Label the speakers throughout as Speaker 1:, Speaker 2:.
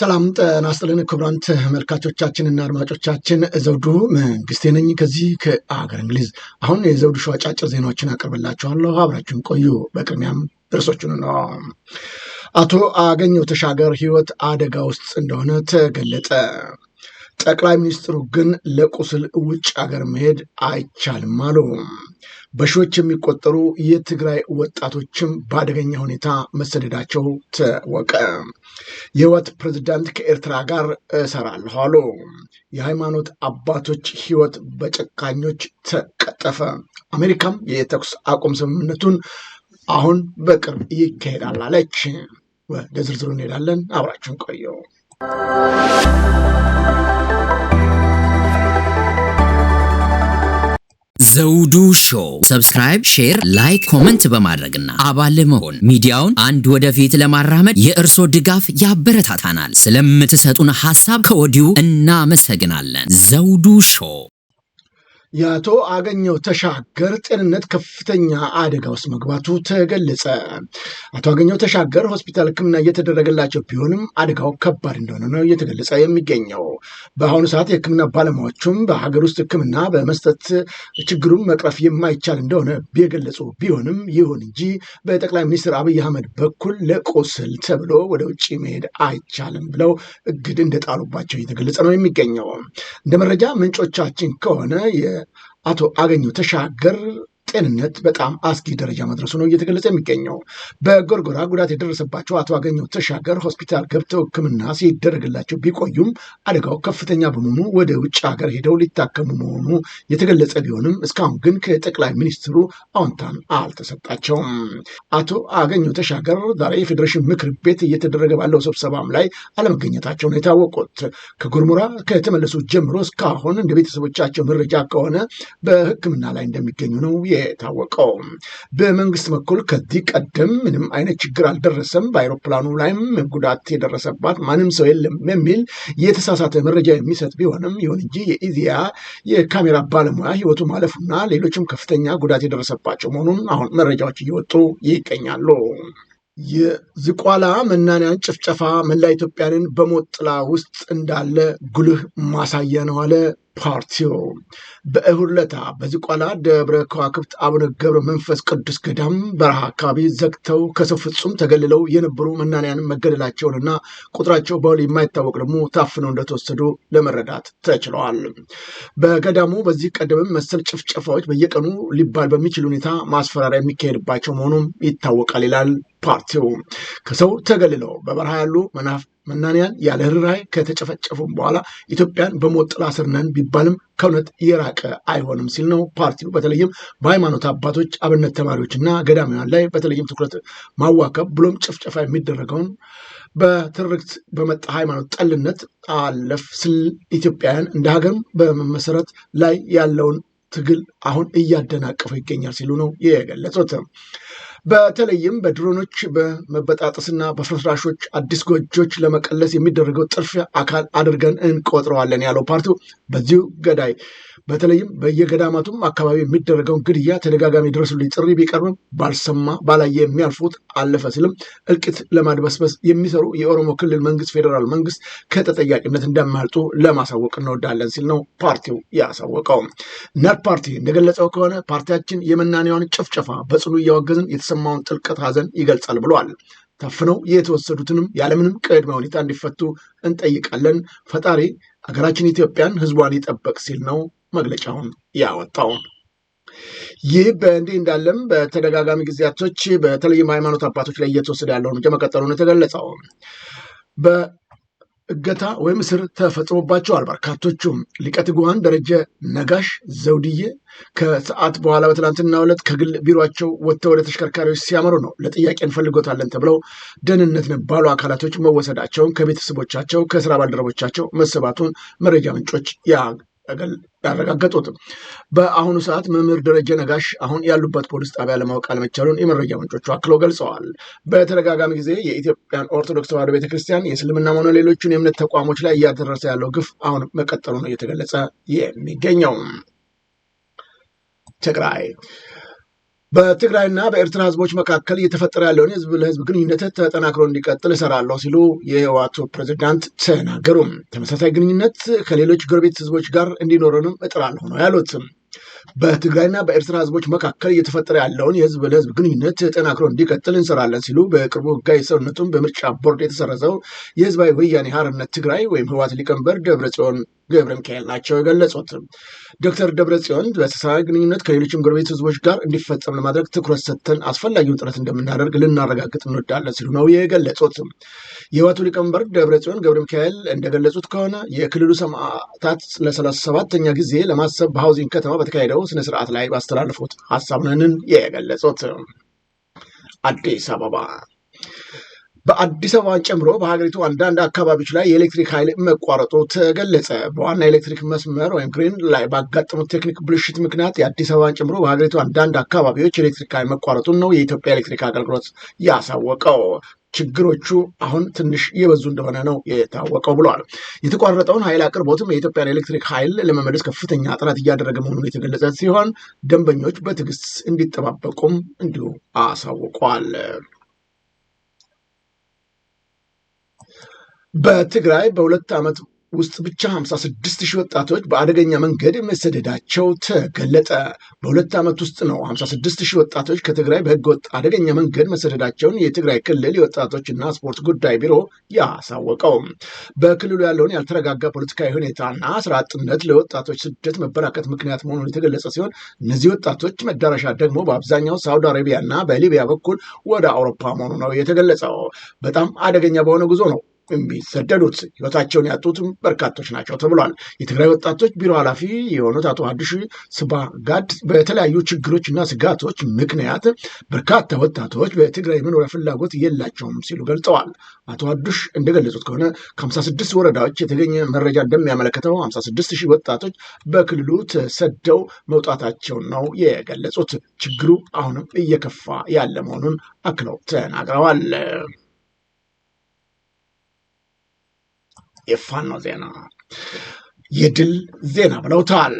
Speaker 1: ሰላም ጤና ይስጥልን ክቡራን ተመልካቾቻችንና አድማጮቻችን፣ ዘውዱ መንግስቴ ነኝ ከዚህ ከአገር እንግሊዝ። አሁን የዘውዱ ሾው አጫጭር ዜናዎችን አቀርብላችኋለሁ፣ አብራችሁን ቆዩ። በቅድሚያም ርዕሶቹን ነው። አቶ አገኘው ተሻገር ህይወት አደጋ ውስጥ እንደሆነ ተገለጠ። ጠቅላይ ሚኒስትሩ ግን ለቁስል ውጭ ሀገር መሄድ አይቻልም አሉ። በሺዎች የሚቆጠሩ የትግራይ ወጣቶችም በአደገኛ ሁኔታ መሰደዳቸው ታወቀ። የህወሓት ፕሬዝዳንት ከኤርትራ ጋር እሰራለሁ አሉ። የሃይማኖት አባቶች ህይወት በጨካኞች ተቀጠፈ። አሜሪካም የተኩስ አቁም ስምምነቱን አሁን በቅርብ ይካሄዳል አለች። ወደ ዝርዝሩ እንሄዳለን። አብራችን ቆየው ዘውዱ ሾው ሰብስክራይብ፣ ሼር፣ ላይክ፣ ኮመንት በማድረግና አባል መሆን ሚዲያውን አንድ ወደፊት ለማራመድ የእርሶ ድጋፍ ያበረታታናል። ስለምትሰጡን ሀሳብ ከወዲሁ እናመሰግናለን። ዘውዱ ሾው የአቶ አገኘው ተሻገር ጤንነት ከፍተኛ አደጋ ውስጥ መግባቱ ተገለጸ። አቶ አገኘው ተሻገር ሆስፒታል ሕክምና እየተደረገላቸው ቢሆንም አደጋው ከባድ እንደሆነ ነው እየተገለጸ የሚገኘው። በአሁኑ ሰዓት የሕክምና ባለሙያዎቹም በሀገር ውስጥ ሕክምና በመስጠት ችግሩን መቅረፍ የማይቻል እንደሆነ የገለጹ ቢሆንም ይሁን እንጂ በጠቅላይ ሚኒስትር አብይ አህመድ በኩል ለቁስል ተብሎ ወደ ውጭ መሄድ አይቻልም ብለው እግድ እንደጣሉባቸው እየተገለጸ ነው የሚገኘው። እንደ መረጃ ምንጮቻችን ከሆነ አቶ አገኘው ተሻገር ጤንነት በጣም አስጊ ደረጃ መድረሱ ነው እየተገለጸ የሚገኘው። በጎርጎራ ጉዳት የደረሰባቸው አቶ አገኘው ተሻገር ሆስፒታል ገብተው ሕክምና ሲደረግላቸው ቢቆዩም አደጋው ከፍተኛ በመሆኑ ወደ ውጭ ሀገር ሄደው ሊታከሙ መሆኑ የተገለጸ ቢሆንም እስካሁን ግን ከጠቅላይ ሚኒስትሩ አዎንታን አልተሰጣቸውም። አቶ አገኘው ተሻገር ዛሬ የፌዴሬሽን ምክር ቤት እየተደረገ ባለው ስብሰባም ላይ አለመገኘታቸው ነው የታወቁት። ከጎርሞራ ከተመለሱ ጀምሮ እስካሁን እንደ ቤተሰቦቻቸው መረጃ ከሆነ በሕክምና ላይ እንደሚገኙ ነው የታወቀው። በመንግስት በኩል ከዚህ ቀደም ምንም አይነት ችግር አልደረሰም፣ በአይሮፕላኑ ላይም ጉዳት የደረሰባት ማንም ሰው የለም የሚል የተሳሳተ መረጃ የሚሰጥ ቢሆንም ይሁን እንጂ የኢዚያ የካሜራ ባለሙያ ህይወቱ ማለፉና ሌሎችም ከፍተኛ ጉዳት የደረሰባቸው መሆኑን አሁን መረጃዎች እየወጡ ይገኛሉ። የዝቋላ መናንያን ጭፍጨፋ መላ ኢትዮጵያንን በሞት ጥላ ውስጥ እንዳለ ጉልህ ማሳያ ነው አለ ፓርቲው በእሁለታ በዝቋላ ደብረ ከዋክብት አቡነ ገብረ መንፈስ ቅዱስ ገዳም በረሃ አካባቢ ዘግተው ከሰው ፍጹም ተገልለው የነበሩ መናንያንም መገደላቸውንና ቁጥራቸው በውል የማይታወቅ ደግሞ ታፍነው እንደተወሰዱ ለመረዳት ተችለዋል። በገዳሙ በዚህ ቀደምም መሰል ጭፍጨፋዎች በየቀኑ ሊባል በሚችል ሁኔታ ማስፈራሪያ የሚካሄድባቸው መሆኑም ይታወቃል ይላል ፓርቲው። ከሰው ተገልለው በበረሃ ያሉ መናንያን ያለ ርኅራኄ ከተጨፈጨፉም በኋላ ኢትዮጵያን በሞት ጥላ ስር ነን ቢባልም ከእውነት የራቀ አይሆንም ሲል ነው ፓርቲው በተለይም በሃይማኖት አባቶች፣ አብነት ተማሪዎችና ገዳሚያን ላይ በተለይም ትኩረት ማዋከብ ብሎም ጭፍጨፋ የሚደረገውን በትርክት በመጣ ሃይማኖት ጠልነት አለፍ ስል ኢትዮጵያውያን እንደ ሀገር በመመሰረት ላይ ያለውን ትግል አሁን እያደናቀፈው ይገኛል ሲሉ ነው የገለጹት። በተለይም በድሮኖች በመበጣጠስና በፍርስራሾች አዲስ ጎጆች ለመቀለስ የሚደረገው ጥርፊያ አካል አድርገን እንቆጥረዋለን ያለው ፓርቲው በዚሁ ገዳይ በተለይም በየገዳማቱም አካባቢ የሚደረገውን ግድያ ተደጋጋሚ ድረሱልኝ ጥሪ ቢቀርብም ባልሰማ ባላየ የሚያልፉት አለፈ ሲልም እልቂት ለማድበስበስ የሚሰሩ የኦሮሞ ክልል መንግስት ፌዴራል መንግስት ከተጠያቂነት እንደማያልጡ ለማሳወቅ እንወዳለን ሲል ነው ፓርቲው ያሳወቀው። ነር ፓርቲ እንደገለጸው ከሆነ ፓርቲያችን የመናኔዋን ጭፍጨፋ በጽኑ እያወገዝን የተሰማውን ጥልቀት ሐዘን ይገልጻል ብለዋል። ታፍነው የተወሰዱትንም ያለምንም ቅድመ ሁኔታ እንዲፈቱ እንጠይቃለን። ፈጣሪ አገራችን ኢትዮጵያን ህዝቧን ይጠበቅ ሲል ነው መግለጫውን ያወጣው። ይህ በእንዲህ እንዳለም በተደጋጋሚ ጊዜያቶች በተለይም ሃይማኖት አባቶች ላይ እየተወሰደ ያለው እርምጃ መቀጠሉን የተገለጸው እገታ ወይም እስር ተፈጽሞባቸዋል። በርካቶቹም ሊቀ ትጉሃን ደረጀ ነጋሽ ዘውድዬ ከሰዓት በኋላ በትናንትናው ዕለት ከግል ቢሮቸው ወጥተው ወደ ተሽከርካሪዎች ሲያመሩ ነው ለጥያቄ እንፈልጎታለን ተብለው ደህንነት ባሉ አካላቶች መወሰዳቸውን ከቤተሰቦቻቸው ከስራ ባልደረቦቻቸው መሰባቱን መረጃ ምንጮች ያረጋገጡትም። በአሁኑ ሰዓት መምህር ደረጀ ነጋሽ አሁን ያሉበት ፖሊስ ጣቢያ ለማወቅ አለመቻሉን የመረጃ ምንጮቹ አክለው ገልጸዋል። በተደጋጋሚ ጊዜ የኢትዮጵያን ኦርቶዶክስ ተዋሕዶ ቤተክርስቲያን የእስልምና ሆነ ሌሎችን የእምነት ተቋሞች ላይ እያደረሰ ያለው ግፍ አሁን መቀጠሉ ነው እየተገለጸ የሚገኘው። ትግራይ በትግራይና በኤርትራ ህዝቦች መካከል እየተፈጠረ ያለውን የህዝብ ለህዝብ ግንኙነት ተጠናክሮ እንዲቀጥል እሰራለሁ ሲሉ የህወሓቱ ፕሬዚዳንት ተናገሩ። ተመሳሳይ ግንኙነት ከሌሎች ጎረቤት ህዝቦች ጋር እንዲኖረንም እጥራለሁ ነው ያሉት። በትግራይና በኤርትራ ህዝቦች መካከል እየተፈጠረ ያለውን የህዝብ ለህዝብ ግንኙነት ጠናክሮ እንዲቀጥል እንሰራለን ሲሉ በቅርቡ ህጋዊ ሰውነቱን በምርጫ ቦርድ የተሰረዘው የህዝባዊ ወያኔ ሀርነት ትግራይ ወይም ህወሓት ሊቀመንበር ደብረ ጽዮን ገብረ ሚካኤል ናቸው የገለጹት። ዶክተር ደብረ ጽዮን በስሳ ግንኙነት ከሌሎችም ጎረቤት ህዝቦች ጋር እንዲፈጸም ለማድረግ ትኩረት ሰጥተን አስፈላጊውን ጥረት እንደምናደርግ ልናረጋግጥ እንወዳለን ሲሉ ነው የገለጹት። የህወሓቱ ሊቀመንበር ደብረ ጽዮን ገብረ ሚካኤል እንደገለጹት ከሆነ የክልሉ ሰማዕታት ለሰላሳ ሰባተኛ ጊዜ ለማሰብ በሀውዚን ከተማ በተካሄደ በተካሄደው ስነ ስርዓት ላይ ባስተላለፉት ሀሳብ የገለጹት። አዲስ አበባ በአዲስ አበባ ጨምሮ በሀገሪቱ አንዳንድ አካባቢዎች ላይ የኤሌክትሪክ ኃይል መቋረጡ ተገለጸ። በዋና ኤሌክትሪክ መስመር ወይም ግሪን ላይ ባጋጠሙት ቴክኒክ ብልሽት ምክንያት የአዲስ አበባን ጨምሮ በሀገሪቱ አንዳንድ አካባቢዎች ኤሌክትሪክ ኃይል መቋረጡን ነው የኢትዮጵያ ኤሌክትሪክ አገልግሎት ያሳወቀው። ችግሮቹ አሁን ትንሽ የበዙ እንደሆነ ነው የታወቀው ብለዋል። የተቋረጠውን ኃይል አቅርቦትም የኢትዮጵያን ኤሌክትሪክ ኃይል ለመመለስ ከፍተኛ ጥረት እያደረገ መሆኑን የተገለጸ ሲሆን ደንበኞች በትዕግስት እንዲጠባበቁም እንዲሁ አሳውቋል። በትግራይ በሁለት ዓመት ውስጥ ብቻ 56 ሺህ ወጣቶች በአደገኛ መንገድ መሰደዳቸው ተገለጠ። በሁለት ዓመት ውስጥ ነው 56 ሺህ ወጣቶች ከትግራይ በህገወጥ አደገኛ መንገድ መሰደዳቸውን የትግራይ ክልል የወጣቶችና ስፖርት ጉዳይ ቢሮ ያሳወቀው። በክልሉ ያለውን ያልተረጋጋ ፖለቲካዊ ሁኔታና ስራ አጥነት ለወጣቶች ስደት መበራከት ምክንያት መሆኑን የተገለጸ ሲሆን እነዚህ ወጣቶች መዳረሻ ደግሞ በአብዛኛው ሳውዲ አረቢያና በሊቢያ በኩል ወደ አውሮፓ መሆኑ ነው የተገለጸው። በጣም አደገኛ በሆነ ጉዞ ነው የሚሰደዱት ህይወታቸውን ያጡትም በርካቶች ናቸው ተብሏል። የትግራይ ወጣቶች ቢሮ ኃላፊ የሆኑት አቶ ሀዱሽ ስባጋድ በተለያዩ ችግሮችና ስጋቶች ምክንያት በርካታ ወጣቶች በትግራይ መኖሪያ ፍላጎት የላቸውም ሲሉ ገልጸዋል። አቶ ሀዱሽ እንደገለጹት ከሆነ ከ56 ወረዳዎች የተገኘ መረጃ እንደሚያመለክተው 56 ሺህ ወጣቶች በክልሉ ተሰደው መውጣታቸውን ነው የገለጹት። ችግሩ አሁንም እየከፋ ያለ መሆኑን አክለው ተናግረዋል። የፋኖ ዜና የድል ዜና ብለውታል።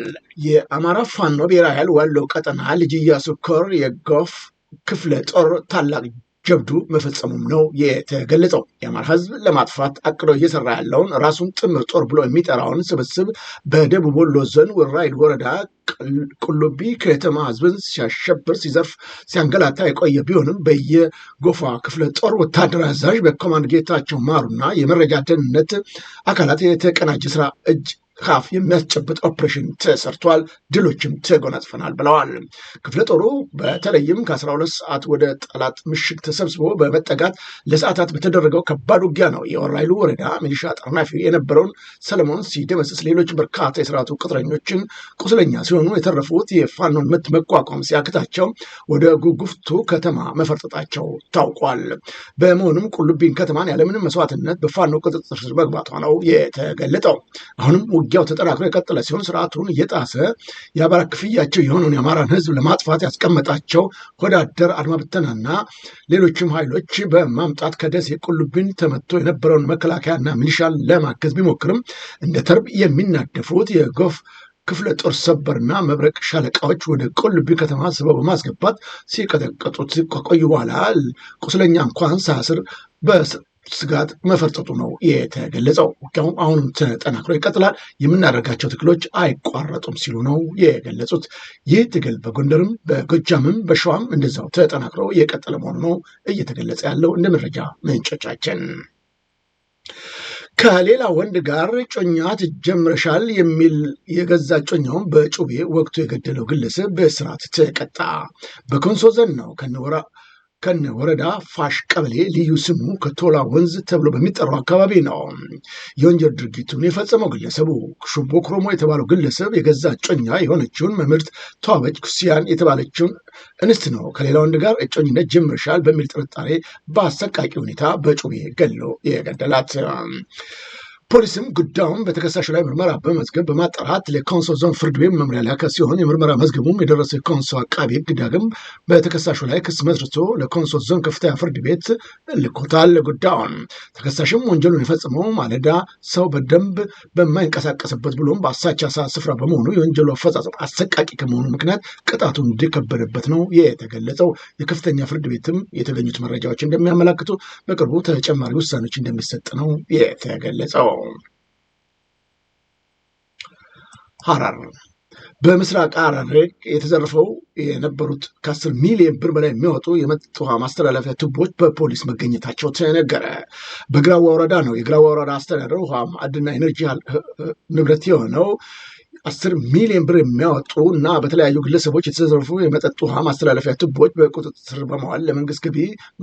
Speaker 1: የአማራ ፋኖ ብሔራዊ ኃይል ወሎ ቀጠና ልጅ ኢያሱ ኮር የጎፍ ክፍለ ጦር ታላቅ ጀብዱ መፈጸሙም ነው የተገለጸው። የአማራ ህዝብ ለማጥፋት አቅዶ እየሰራ ያለውን ራሱን ጥምር ጦር ብሎ የሚጠራውን ስብስብ በደቡብ ወሎ ዞን ወራይል ወረዳ ቁልቢ ከተማ ህዝብን ሲያሸብር፣ ሲዘርፍ፣ ሲያንገላታ የቆየ ቢሆንም በየጎፋ ክፍለ ጦር ወታደር አዛዥ በኮማንድ ጌታቸው ማሩና የመረጃ ደህንነት አካላት የተቀናጀ ስራ እጅ ካፍ የሚያስጨብጥ ኦፕሬሽን ተሰርቷል፣ ድሎችም ተጎናጽፈናል ብለዋል። ክፍለ ጦሩ በተለይም ከ12 ሰዓት ወደ ጠላት ምሽግ ተሰብስቦ በመጠጋት ለሰዓታት በተደረገው ከባድ ውጊያ ነው የወራይሉ ወረዳ ሚሊሻ ጠርናፊ የነበረውን ሰለሞን ሲደመስስ ሌሎች በርካታ የስርዓቱ ቅጥረኞችን ቁስለኛ ሲሆኑ የተረፉት የፋኖን ምት መቋቋም ሲያክታቸው ወደ ጉጉፍቱ ከተማ መፈርጠጣቸው ታውቋል። በመሆኑም ቁልቢን ከተማን ያለምንም መስዋዕትነት በፋኖ ቁጥጥር ስር መግባቷ ነው የተገለጠው። አሁንም ውጊያው ተጠናክሮ የቀጠለ ሲሆን ስርዓቱን እየጣሰ የአባላት ክፍያቸው የሆነውን የአማራን ህዝብ ለማጥፋት ያስቀመጣቸው ወዳደር አድማብተናና ሌሎችም ኃይሎች በማምጣት ከደሴ ቁልቢን ተመቶ የነበረውን መከላከያና ሚሊሻን ለማገዝ ቢሞክርም እንደ ተርብ የሚናደፉት የጎፍ ክፍለ ጦር ሰበርና መብረቅ ሻለቃዎች ወደ ቁልቢ ከተማ ስበው በማስገባት ሲቀጠቀጡት ሲቆዩ በኋላ ቁስለኛ እንኳን ሳስር ስጋት መፈርጠጡ ነው የተገለጸው። ውጊያውም አሁንም ተጠናክሮ ይቀጥላል፣ የምናደርጋቸው ትግሎች አይቋረጡም ሲሉ ነው የገለጹት። ይህ ትግል በጎንደርም በጎጃምም በሸዋም እንደዛው ተጠናክሮ የቀጠለ መሆኑ ነው እየተገለጸ ያለው እንደ መረጃ ምንጮቻችን። ከሌላ ወንድ ጋር ጮኛ ትጀምረሻል የሚል የገዛ ጮኛውን በጩቤ ወቅቱ የገደለው ግለሰብ በስርዓት ተቀጣ። በኮንሶ ዘን ነው ከነወራ ከነ ወረዳ ፋሽ ቀበሌ ልዩ ስሙ ከቶላ ወንዝ ተብሎ በሚጠራው አካባቢ ነው የወንጀል ድርጊቱን የፈጸመው ግለሰቡ። ሹቦ ክሮሞ የተባለው ግለሰብ የገዛ እጮኛ የሆነችውን መምህርት ተዋበች ኩስያን የተባለችውን እንስት ነው ከሌላ ወንድ ጋር እጮኝነት ጀምርሻል በሚል ጥርጣሬ በአሰቃቂ ሁኔታ በጩቤ ገሎ የገደላት። ፖሊስም ጉዳዩን በተከሳሹ ላይ ምርመራ በመዝገብ በማጣራት ለኮንሶ ዞን ፍርድ ቤት መምሪያ ላከ ሲሆን የምርመራ መዝገቡም የደረሰ የኮንሶ አቃቢ ሕግ ዳግም በተከሳሹ ላይ ክስ መስርቶ ለኮንሶ ዞን ከፍተኛ ፍርድ ቤት ልኮታል። ጉዳዩን ተከሳሽም ወንጀሉን የፈጸመው ማለዳ ሰው በደንብ በማይንቀሳቀስበት ብሎም በአሳቻ ሰዓት ስፍራ በመሆኑ የወንጀሉ አፈጻጸም አሰቃቂ ከመሆኑ ምክንያት ቅጣቱ እንዲከበደበት ነው የተገለጸው። የከፍተኛ ፍርድ ቤትም የተገኙት መረጃዎች እንደሚያመላክቱ በቅርቡ ተጨማሪ ውሳኔዎች እንደሚሰጥ ነው የተገለጸው። ሀራር በምስራቅ ሐረርጌ የተዘረፈው የነበሩት ከአስር ሚሊዮን ብር በላይ የሚያወጡ የመጠጥ ውሃ ማስተላለፊያ ቱቦዎች በፖሊስ መገኘታቸው ተነገረ። በግራዋ ወረዳ ነው። የግራዋ ወረዳ አስተዳደር ውሃ ማዕድና ኤነርጂ ንብረት የሆነው አስር ሚሊዮን ብር የሚያወጡ እና በተለያዩ ግለሰቦች የተዘረፉ የመጠጥ ውሃ ማስተላለፊያ ቱቦች በቁጥጥር ስር በመዋል ለመንግስት ገቢ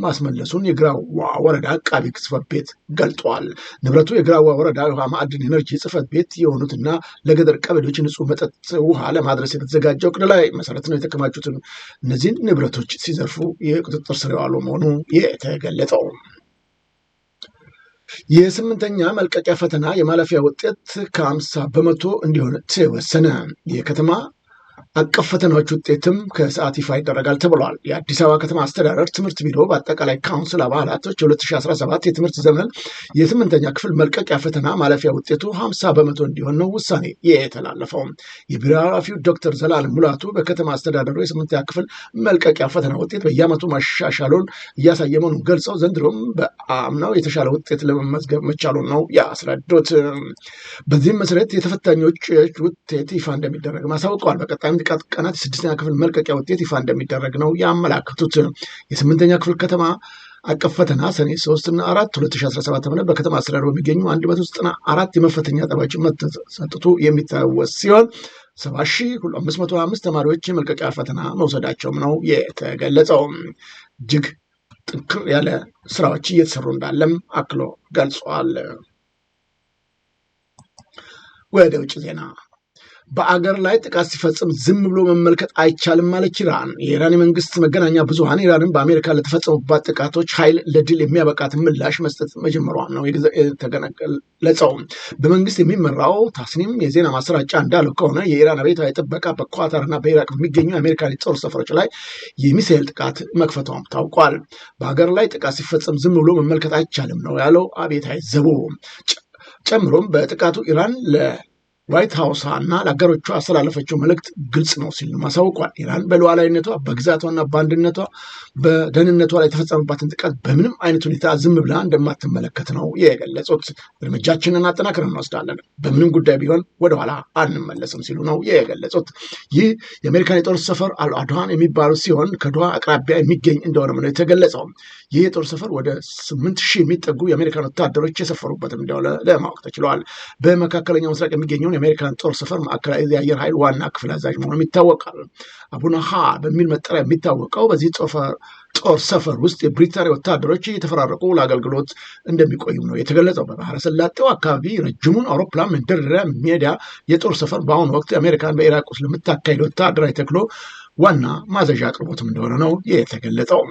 Speaker 1: ማስመለሱን የግራዋ ወረዳ አቃቢ ጽፈት ቤት ገልጧል። ንብረቱ የግራዋ ወረዳ ውሃ ማዕድን ኤነርጂ ጽፈት ቤት እና ለገጠር ቀበሌዎች ንጹህ መጠጥ ውሃ ለማድረስ የተዘጋጀው እቅድ ላይ መሰረት ነው የተከማቹትን እነዚህን ንብረቶች ሲዘርፉ የቁጥጥር ስር የዋሉ መሆኑ የተገለጠው የስምንተኛ መልቀቂያ ፈተና የማለፊያ ውጤት ከአምሳ በመቶ እንዲሆን ተወሰነ። የከተማ አቀፍ ፈተናዎች ውጤትም ከሰዓት ይፋ ይደረጋል ተብሏል። የአዲስ አበባ ከተማ አስተዳደር ትምህርት ቢሮ በአጠቃላይ ካውንስል አባላቶች የ2017 የትምህርት ዘመን የስምንተኛ ክፍል መልቀቂያ ፈተና ማለፊያ ውጤቱ 50 በመቶ እንዲሆን ነው ውሳኔ የተላለፈው። የቢሮ ኃላፊው ዶክተር ዘላለም ሙላቱ በከተማ አስተዳደሩ የስምንተኛ ክፍል መልቀቂያ ፈተና ውጤት በየአመቱ ማሻሻሉን እያሳየ መሆኑን ገልጸው ዘንድሮም በአምናው የተሻለ ውጤት ለመመዝገብ መቻሉን ነው ያስረዱት። በዚህም መሰረት የተፈታኞች ውጤት ይፋ እንደሚደረግ ማሳውቀዋል። በቀጣይም ቀት ቀናት የስድስተኛ ክፍል መልቀቂያ ውጤት ይፋ እንደሚደረግ ነው ያመላከቱት። የስምንተኛ ክፍል ከተማ አቀፍ ፈተና ሰኔ 3 እና 4 2017 ዓ በከተማ አስተዳደሩ በሚገኙ 194 የመፈተኛ ጣቢያዎች መሰጠቱ የሚታወስ ሲሆን 75 ተማሪዎች የመልቀቂያ ፈተና መውሰዳቸውም ነው የተገለጸው። እጅግ ጥንክር ያለ ስራዎች እየተሰሩ እንዳለም አክሎ ገልጿል። ወደ ውጭ ዜና በአገር ላይ ጥቃት ሲፈጽም ዝም ብሎ መመልከት አይቻልም ማለች ኢራን። የኢራን የመንግስት መገናኛ ብዙሀን ኢራንን በአሜሪካ ለተፈጸሙባት ጥቃቶች ኃይል ለድል የሚያበቃት ምላሽ መስጠት መጀመሯን ነው የተገለጸው። በመንግስት የሚመራው ታስኒም የዜና ማሰራጫ እንዳለው ከሆነ የኢራን አብዮታዊ ጥበቃ በኳታርና በኢራቅ በሚገኙ የአሜሪካ ጦር ሰፈሮች ላይ የሚሳኤል ጥቃት መክፈቷም ታውቋል። በአገር ላይ ጥቃት ሲፈጸም ዝም ብሎ መመልከት አይቻልም ነው ያለው አብዮታዊ ዘቡ። ጨምሮም በጥቃቱ ኢራን ዋይት ሀውሷ እና ለሀገሮቿ አስተላለፈችው መልእክት ግልጽ ነው ሲል አሳውቋል። ኢራን በሉዓላዊነቷ በግዛቷና በአንድነቷ በደህንነቷ ላይ የተፈጸመባትን ጥቃት በምንም አይነት ሁኔታ ዝም ብላ እንደማትመለከት ነው የገለጹት። እርምጃችንን አጠናክረን እንወስዳለን፣ በምንም ጉዳይ ቢሆን ወደኋላ አንመለስም ሲሉ ነው የገለጹት። ይህ የአሜሪካን የጦር ሰፈር አልአድዋን የሚባሉ ሲሆን ከዶሃ አቅራቢያ የሚገኝ እንደሆነም ነው የተገለጸው። ይህ የጦር ሰፈር ወደ ስምንት ሺህ የሚጠጉ የአሜሪካን ወታደሮች የሰፈሩበትም እንደሆነ ለማወቅ ተችለዋል። በመካከለኛው ምስራቅ የሚገኘውን የአሜሪካን ጦር ሰፈር ማዕከላዊ የአየር ኃይል ዋና ክፍል አዛዥ መሆኑም ይታወቃል። ሀ በሚል መጠሪያ የሚታወቀው በዚህ ጦር ሰፈር ውስጥ የብሪታንያ ወታደሮች እየተፈራረቁ ለአገልግሎት እንደሚቆዩም ነው የተገለጸው። በባህረ ሰላጤው አካባቢ ረጅሙን አውሮፕላን መደርደሪያ ሜዳ የጦር ሰፈር በአሁኑ ወቅት አሜሪካን በኢራቅ ውስጥ ለምታካሄድ ወታደራዊ ተክሎ ዋና ማዘዣ አቅርቦትም እንደሆነ ነው የተገለጠው።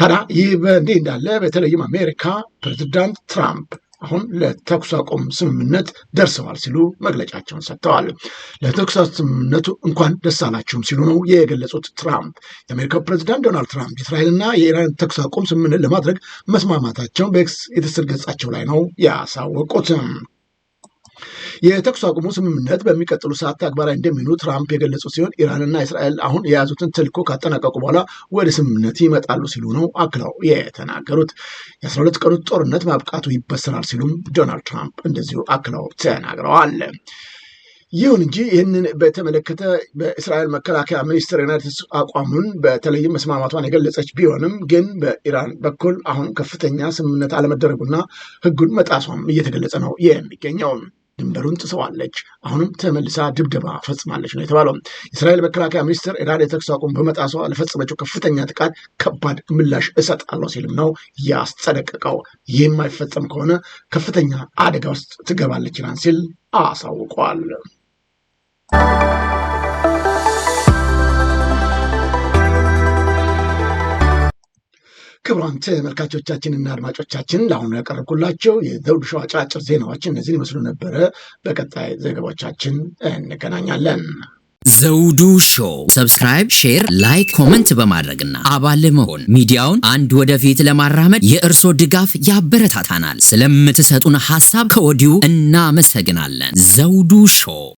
Speaker 1: ታዲያ ይህ በእንዲህ እንዳለ በተለይም አሜሪካ ፕሬዚዳንት ትራምፕ አሁን ለተኩስ አቁም ስምምነት ደርሰዋል ሲሉ መግለጫቸውን ሰጥተዋል። ለተኩስ ስምምነቱ እንኳን ደስ አላችሁም ሲሉ ነው የገለጹት። ትራምፕ የአሜሪካው ፕሬዚዳንት ዶናልድ ትራምፕ እስራኤልና የኢራን ተኩስ አቁም ስምምነት ለማድረግ መስማማታቸውን በኤክስ የትስስር ገጻቸው ላይ ነው ያሳወቁትም። የተኩስ አቁሙ ስምምነት በሚቀጥሉ ሰዓት ተግባራዊ እንደሚሆኑ ትራምፕ የገለጹ ሲሆን ኢራንና እስራኤል አሁን የያዙትን ትልኮ ካጠናቀቁ በኋላ ወደ ስምምነት ይመጣሉ ሲሉ ነው አክለው የተናገሩት። የአስራ ሁለት ቀኑት ጦርነት ማብቃቱ ይበሰራል ሲሉም ዶናልድ ትራምፕ እንደዚሁ አክለው ተናግረዋል። ይሁን እንጂ ይህንን በተመለከተ በእስራኤል መከላከያ ሚኒስትር ዩናይትድ አቋሙን በተለይም መስማማቷን የገለጸች ቢሆንም ግን በኢራን በኩል አሁን ከፍተኛ ስምምነት አለመደረጉና ሕጉን መጣሷም እየተገለጸ ነው የሚገኘው። ድንበሩን ጥሰዋለች፣ አሁንም ተመልሳ ድብደባ ፈጽማለች ነው የተባለው። የእስራኤል መከላከያ ሚኒስትር ኢራን የተኩስ አቁም በመጣሷ ለፈጸመችው ከፍተኛ ጥቃት ከባድ ምላሽ እሰጣለሁ ሲልም ነው ያስጠነቀቀው። ይህ የማይፈጸም ከሆነ ከፍተኛ አደጋ ውስጥ ትገባለች ኢራን ሲል አሳውቋል። ክቡራን ተመልካቾቻችንና አድማጮቻችን ለአሁኑ ያቀረብኩላቸው የዘውዱ ሾው አጫጭር ዜናዎች እነዚህን ይመስሉ ነበረ። በቀጣይ ዘገባዎቻችን እንገናኛለን። ዘውዱ ሾው ሰብስክራይብ፣ ሼር፣ ላይክ፣ ኮመንት በማድረግና አባል መሆን ሚዲያውን አንድ ወደፊት ለማራመድ የእርሶ ድጋፍ ያበረታታናል። ስለምትሰጡን ሀሳብ ከወዲሁ እናመሰግናለን። ዘውዱ ሾው